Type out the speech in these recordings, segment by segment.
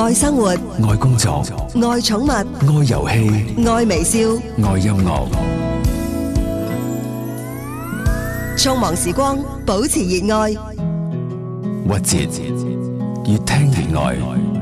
愛生活，愛工作，愛寵物，愛遊戲，愛微笑，愛音樂。匆忙時光，保持熱愛。屈折，越聽越愛。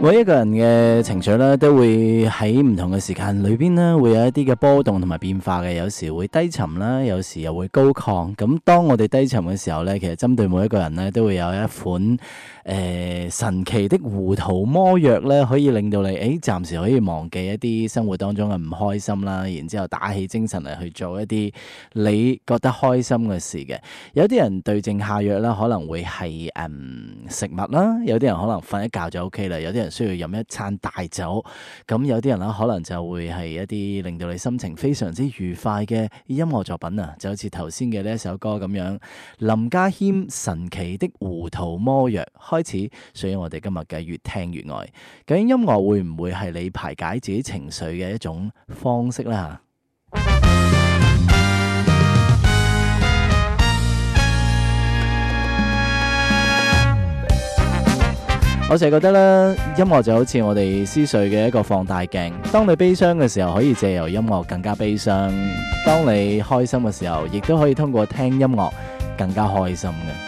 每一個人嘅情緒咧，都會喺唔同嘅時間裏邊咧，會有一啲嘅波動同埋變化嘅。有時會低沉啦，有時又會高亢。咁當我哋低沉嘅時候呢，其實針對每一個人呢，都會有一款。誒神奇的糊塗魔藥咧，可以令到你誒暫時可以忘記一啲生活當中嘅唔開心啦，然之後打起精神嚟去做一啲你覺得開心嘅事嘅。有啲人對症下藥啦，可能會係、嗯、食物啦，有啲人可能瞓一覺就 O K 啦，有啲人需要飲一餐大酒，咁有啲人啦可能就會係一啲令到你心情非常之愉快嘅音樂作品啊，就好似頭先嘅呢一首歌咁樣，林家謙神奇的糊塗魔藥開始，所以我哋今日嘅越聽越愛。究竟音樂會唔會係你排解自己情緒嘅一種方式呢？ 我成日覺得咧，音樂就好似我哋思緒嘅一個放大鏡。當你悲傷嘅時候，可以借由音樂更加悲傷；當你開心嘅時候，亦都可以通過聽音樂更加開心嘅。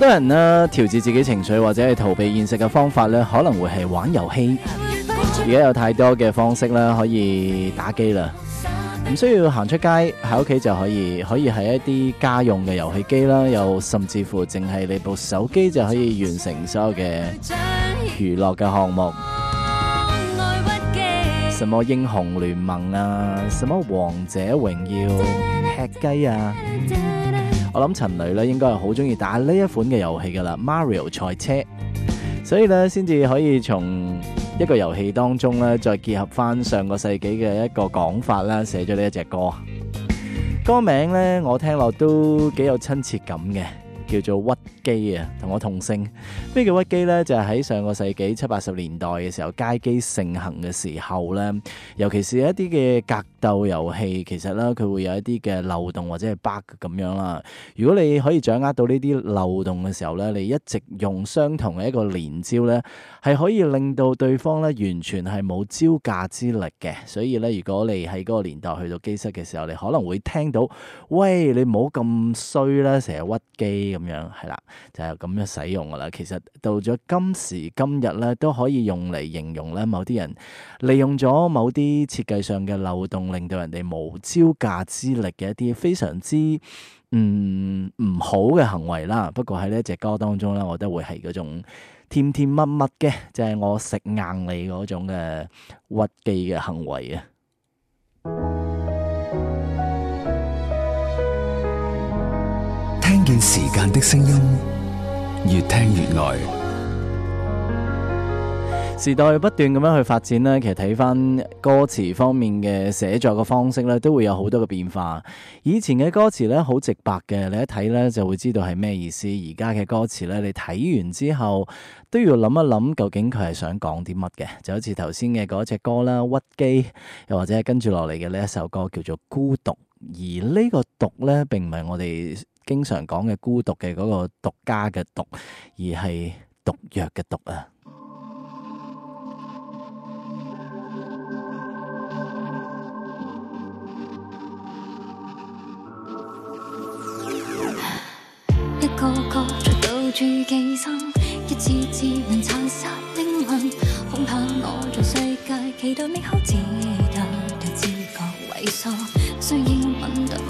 很多人呢，調節自己情緒或者係逃避現實嘅方法呢，可能會係玩遊戲。而家有太多嘅方式啦，可以打機啦，唔需要行出街，喺屋企就可以，可以係一啲家用嘅遊戲機啦，又甚至乎淨係你部手機就可以完成所有嘅娛樂嘅項目。什麼英雄聯盟啊，什麼王者榮耀、吃雞啊。我諗陳雷咧應該係好中意打呢一款嘅遊戲噶啦，Mario 賽車，所以咧先至可以從一個遊戲當中咧再結合翻上個世紀嘅一個講法啦，寫咗呢一隻歌。歌名咧我聽落都幾有親切感嘅。叫做屈機啊，同我同姓。咩叫屈機呢？就係喺上個世紀七八十年代嘅時候，街機盛行嘅時候呢，尤其是一啲嘅格鬥遊戲，其實呢，佢會有一啲嘅漏洞或者係 bug 咁樣啦。如果你可以掌握到呢啲漏洞嘅時候呢，你一直用相同嘅一個連招呢，係可以令到對方呢完全係冇招架之力嘅。所以呢，如果你喺嗰個年代去到機室嘅時候，你可能會聽到：喂，你唔好咁衰啦，成日屈機。咁樣係啦，就係咁樣使用噶啦。其實到咗今時今日咧，都可以用嚟形容咧某啲人利用咗某啲設計上嘅漏洞，令到人哋無招架之力嘅一啲非常之唔唔好嘅行為啦。不過喺呢隻歌當中咧，我都會係嗰種甜甜蜜蜜嘅，即係我食硬你嗰種嘅屈機嘅行為啊。時間的聲音越聽越耐，時代不斷咁樣去發展呢，其實睇翻歌詞方面嘅寫作嘅方式呢，都會有好多嘅變化。以前嘅歌詞呢，好直白嘅，你一睇呢就會知道係咩意思。而家嘅歌詞呢，你睇完之後都要諗一諗，究竟佢係想講啲乜嘅。就好似頭先嘅嗰隻歌啦，屈機，又或者跟住落嚟嘅呢一首歌叫做孤獨，而呢個獨呢，並唔係我哋。經常講嘅孤獨嘅嗰個獨家嘅獨，而係毒藥嘅毒啊！一個個在到處寄生，一次次能殘殺靈魂，恐怕我在世界期待美好，只得對自覺萎縮，需然吻到。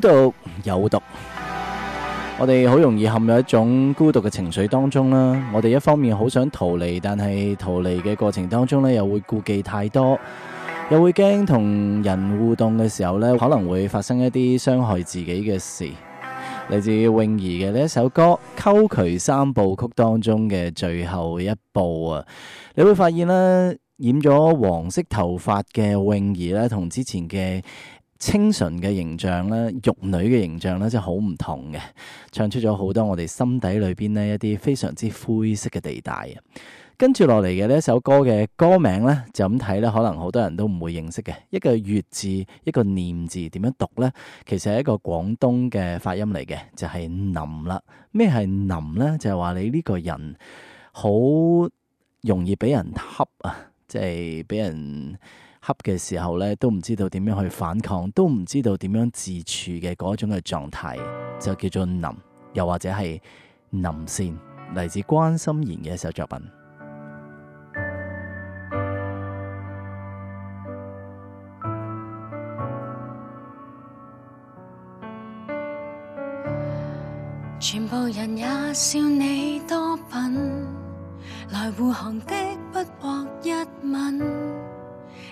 孤獨有毒，我哋好容易陷入一種孤獨嘅情緒當中啦。我哋一方面好想逃離，但係逃離嘅過程當中呢，又會顧忌太多，又會驚同人互動嘅時候呢，可能會發生一啲傷害自己嘅事。嚟自泳兒嘅呢一首歌《溝渠三部曲》當中嘅最後一部啊，你會發現呢，染咗黃色頭髮嘅泳兒呢，同之前嘅。清純嘅形象咧，玉女嘅形象咧，即係好唔同嘅，唱出咗好多我哋心底裏邊呢一啲非常之灰色嘅地帶啊！跟住落嚟嘅呢一首歌嘅歌名咧，就咁睇咧，可能好多人都唔會認識嘅，一個月字，一個念字，點樣讀咧？其實係一個廣東嘅發音嚟嘅，就係腍啦。咩係腍咧？就係、是、話你呢個人好容易俾人恰啊，即係俾人。吸嘅時候呢，都唔知道點樣去反抗，都唔知道點樣自處嘅嗰種嘅狀態，就叫做腍，又或者係腍線，嚟自關心妍嘅一首作品。全部人也笑你多品，來護航的不獲一吻。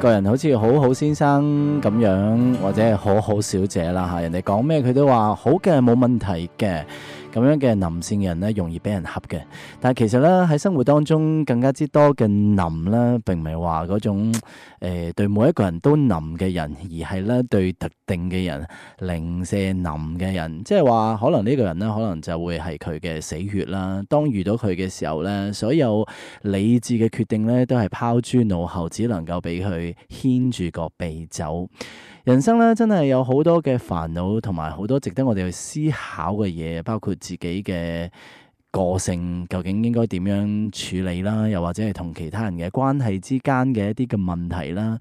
個人好似好好先生咁樣，或者係好好小姐啦嚇，人哋講咩，佢都話好嘅，冇問題嘅。咁樣嘅臨善人呢，容易俾人恰嘅。但係其實呢，喺生活當中更加之多嘅臨呢，並唔係話嗰種誒對每一個人都臨嘅人，而係呢，對特定嘅人零舍臨嘅人。即係話可能呢個人呢，可能就會係佢嘅死穴啦。當遇到佢嘅時候呢，所有理智嘅決定呢，都係拋諸腦後，只能夠俾佢牽住個鼻走。人生咧真係有好多嘅煩惱，同埋好多值得我哋去思考嘅嘢，包括自己嘅個性究竟應該點樣處理啦，又或者係同其他人嘅關係之間嘅一啲嘅問題啦。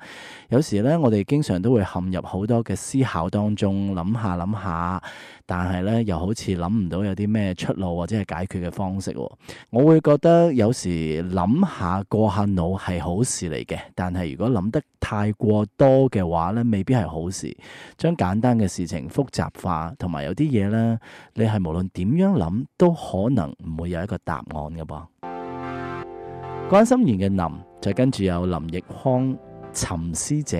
有時咧，我哋經常都會陷入好多嘅思考當中，諗下諗下。但係咧，又好似諗唔到有啲咩出路或者係解決嘅方式喎。我會覺得有時諗下過下腦係好事嚟嘅，但係如果諗得太過多嘅話咧，未必係好事。將簡單嘅事情複雜化，同埋有啲嘢咧，你係無論點樣諗都可能唔會有一個答案嘅噃。關心妍嘅林就跟住有林奕匡、沉思者。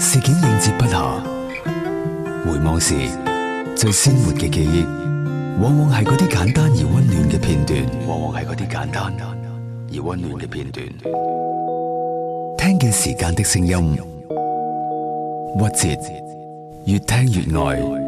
事件應接不暇，回望時最鮮活嘅記憶，往往係嗰啲簡單而溫暖嘅片段。往往係啲簡單而溫暖嘅片段。聽見時間的聲音，曲折，越聽越愛。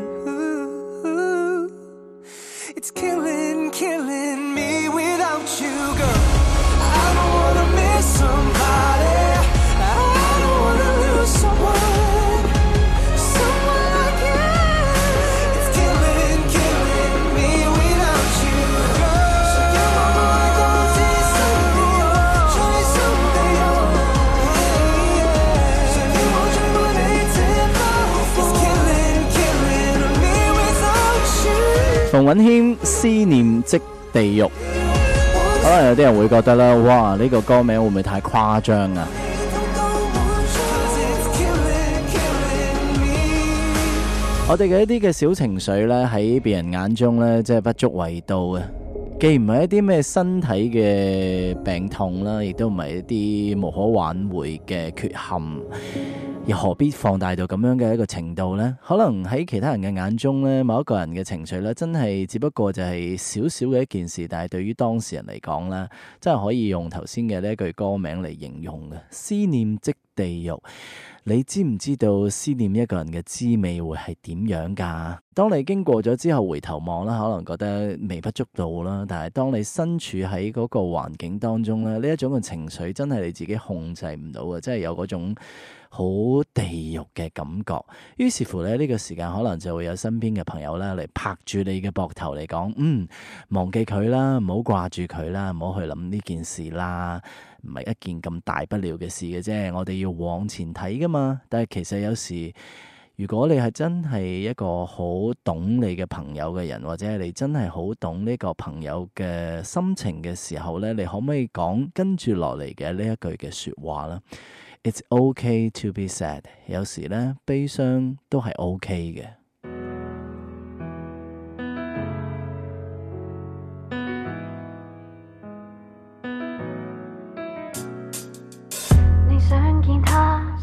很牽思念即地獄，可能有啲人會覺得咧，哇！呢、這個歌名會唔會太誇張啊？ 我哋嘅一啲嘅小情緒咧，喺別人眼中咧，即係不足為道嘅，既唔係一啲咩身體嘅病痛啦，亦都唔係一啲無可挽回嘅缺陷。又何必放大到咁樣嘅一個程度呢？可能喺其他人嘅眼中咧，某一個人嘅情緒咧，真係只不過就係少少嘅一件事，但係對於當事人嚟講咧，真係可以用頭先嘅呢句歌名嚟形容嘅思念即。地獄，你知唔知道思念一個人嘅滋味會係點樣噶？當你經過咗之後回頭望啦，可能覺得微不足道啦。但係當你身處喺嗰個環境當中咧，呢一種嘅情緒真係你自己控制唔到啊！真係有嗰種好地獄嘅感覺。於是乎咧，呢個時間可能就會有身邊嘅朋友咧嚟拍住你嘅膊頭嚟講，嗯，忘記佢啦，唔好掛住佢啦，唔好去諗呢件事啦。唔係一件咁大不了嘅事嘅啫，我哋要往前睇㗎嘛。但係其實有時，如果你係真係一個好懂你嘅朋友嘅人，或者係你真係好懂呢個朋友嘅心情嘅時候咧，你可唔可以講跟住落嚟嘅呢一句嘅說話咧？It's okay to be sad。有時咧，悲傷都係 OK 嘅。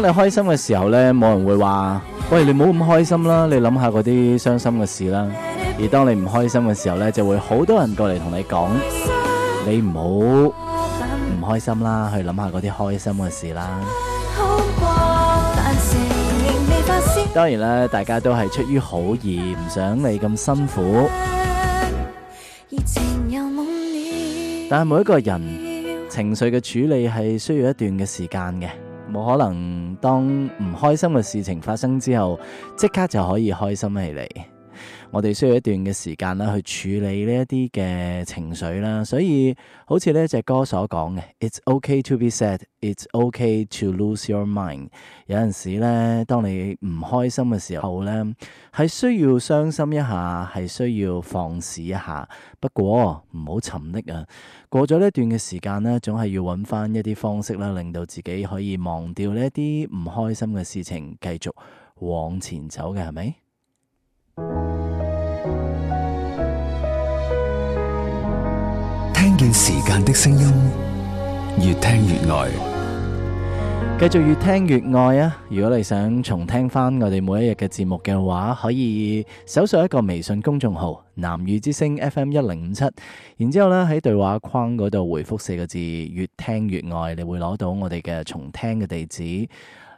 當你開心嘅時候呢，冇人會話：喂，你唔好咁開心啦，你諗下嗰啲傷心嘅事啦。而當你唔開心嘅時候呢，就會好多人過嚟同你講：你唔好唔開心啦，去諗下嗰啲開心嘅事啦。當然咧，大家都係出於好意，唔想你咁辛苦。但係每一個人情緒嘅處理係需要一段嘅時間嘅。冇可能，當唔開心嘅事情發生之後，即刻就可以開心起嚟。我哋需要一段嘅時間啦，去處理呢一啲嘅情緒啦，所以好似呢隻歌所講嘅，It's okay to be sad，It's okay to lose your mind。有陣時咧，當你唔開心嘅時候咧，係需要傷心一下，係需要放肆一下。不過唔好沉溺啊！過咗呢一段嘅時間呢，總係要揾翻一啲方式啦，令到自己可以忘掉呢一啲唔開心嘅事情，繼續往前走嘅係咪？見時間的聲音，越聽越愛。繼續越聽越愛啊！如果你想重聽翻我哋每一日嘅節目嘅話，可以搜索一個微信公眾號南粵之聲 F M 一零五七，然之後咧喺對話框嗰度回復四個字越聽越愛，你會攞到我哋嘅重聽嘅地址。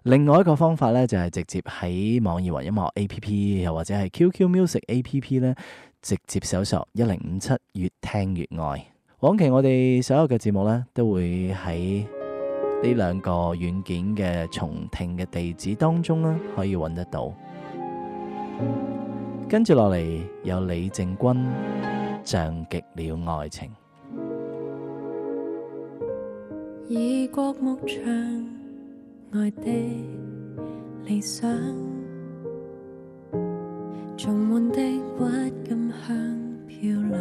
另外一個方法呢，就係直接喺網易雲音樂 A P P 又或者係 Q Q Music A P P 呢直接搜索一零五七越聽越愛。往期我哋所有嘅節目咧，都會喺呢兩個軟件嘅重聽嘅地址當中啦，可以揾得到。跟住落嚟有李正君，像極了愛情。異國牧場，愛的理想，充滿的鬱金香漂亮。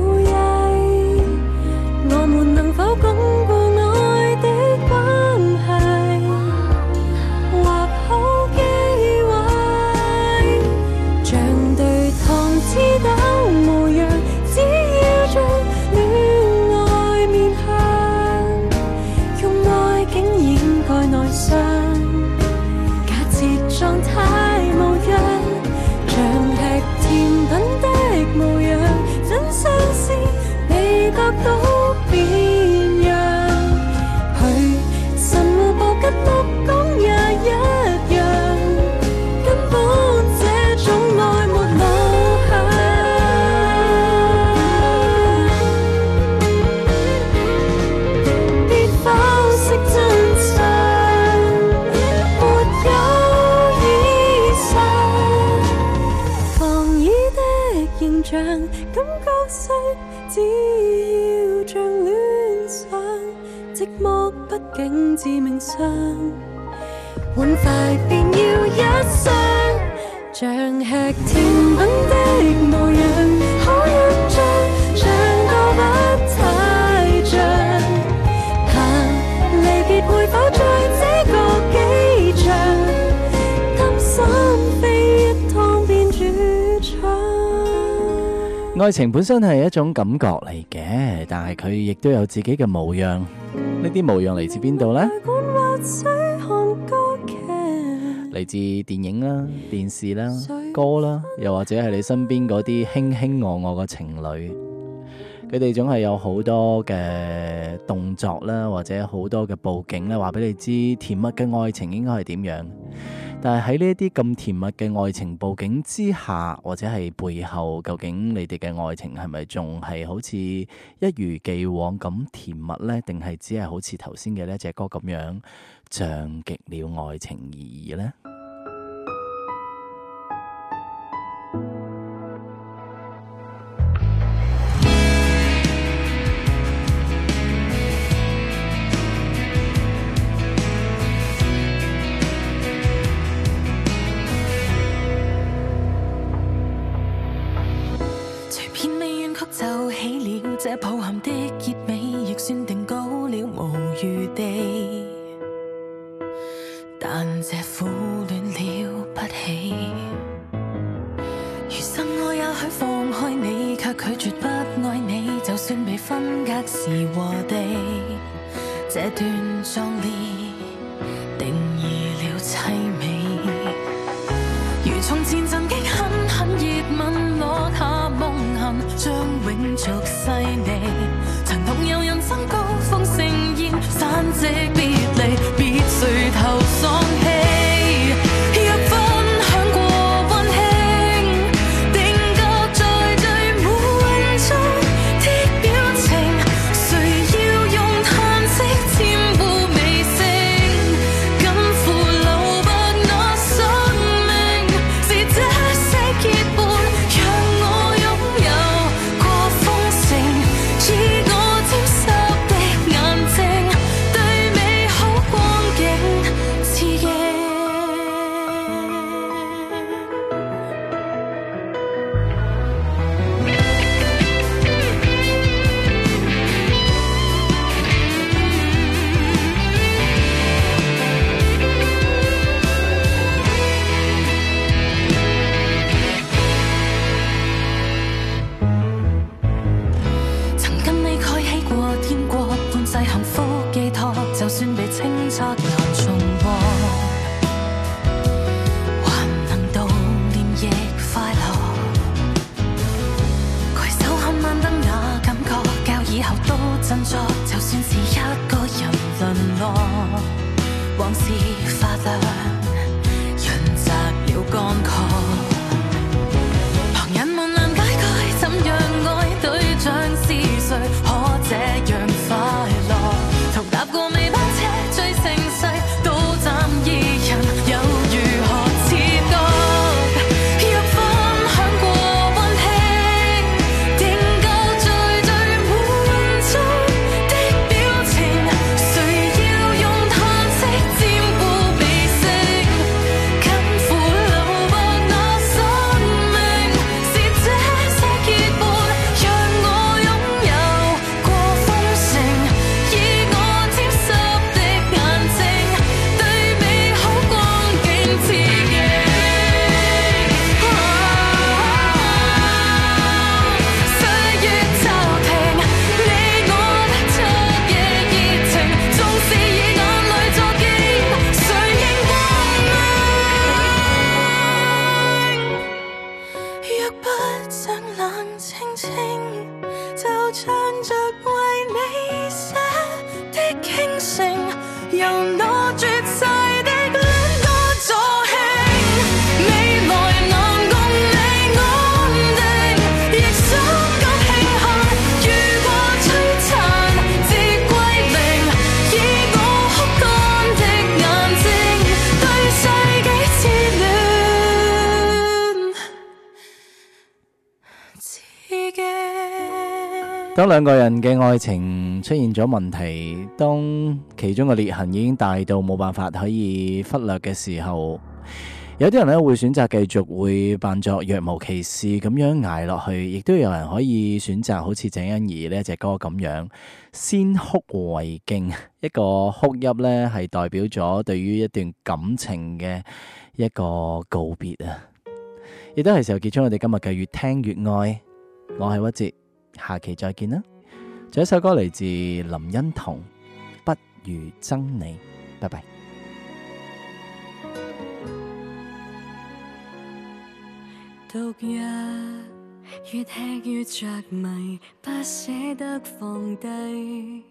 情本身係一種感覺嚟嘅，但係佢亦都有自己嘅模樣。呢啲模樣嚟自邊度呢？嚟自電影啦、電視啦、歌啦，又或者係你身邊嗰啲卿卿我我嘅情侶，佢哋總係有好多嘅動作啦，或者好多嘅佈景咧，話俾你知甜蜜嘅愛情應該係點樣。但係喺呢一啲咁甜蜜嘅愛情佈景之下，或者係背後，究竟你哋嘅愛情係咪仲係好似一如既往咁甜蜜呢？定係只係好似頭先嘅呢一隻歌咁樣，像極了愛情而已呢？當兩個人嘅愛情出現咗問題，當其中嘅裂痕已經大到冇辦法可以忽略嘅時候，有啲人咧會選擇繼續會扮作若無其事咁樣挨落去，亦都有人可以選擇好似鄭欣宜呢隻歌咁樣，先哭為敬。一個哭泣呢係代表咗對於一段感情嘅一個告別啊！亦都係時候結束我哋今日嘅越聽越愛。我係屈哲。下期再見啦！仲有一首歌嚟自林欣彤，不如憎你，拜拜。毒藥越吃越着迷，不捨得放低。